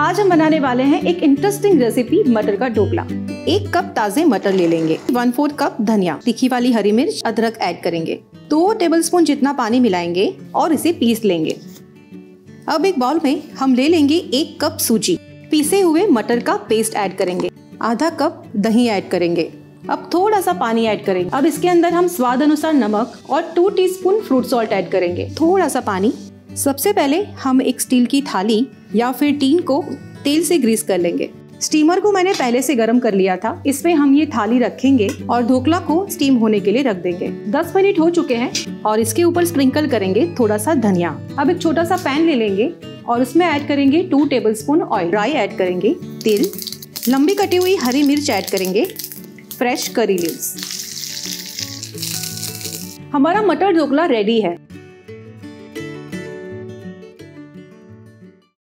आज हम बनाने वाले हैं एक इंटरेस्टिंग रेसिपी मटर का ढोकला एक कप ताजे मटर ले लेंगे वन फोर्थ कप धनिया तीखी वाली हरी मिर्च अदरक ऐड करेंगे दो टेबलस्पून जितना पानी मिलाएंगे और इसे पीस लेंगे अब एक बाउल में हम ले लेंगे एक कप सूजी पीसे हुए मटर का पेस्ट ऐड करेंगे आधा कप दही ऐड करेंगे अब थोड़ा सा पानी ऐड करेंगे अब इसके अंदर हम स्वाद अनुसार नमक और two teaspoon fruit salt add करेंगे थोड़ा सा पानी सबसे पहले हम एक स्टील की थाली या फिर टीन को तेल से ग्रीस कर लेंगे स्टीमर को मैंने पहले से गर्म कर लिया था इसमें हम ये थाली रखेंगे और ढोकला को स्टीम होने के लिए रख देंगे 10 मिनट हो चुके हैं और इसके ऊपर स्प्रिंकल करेंगे थोड़ा सा धनिया अब एक छोटा सा पैन ले लेंगे और उसमें ऐड करेंगे two tablespoon oil dry add करेंगे तिल लंबी कटी हुई हरी मिर्च ऐड करेंगे फ्रेश करी लिव हमारा मटर ढोकला रेडी है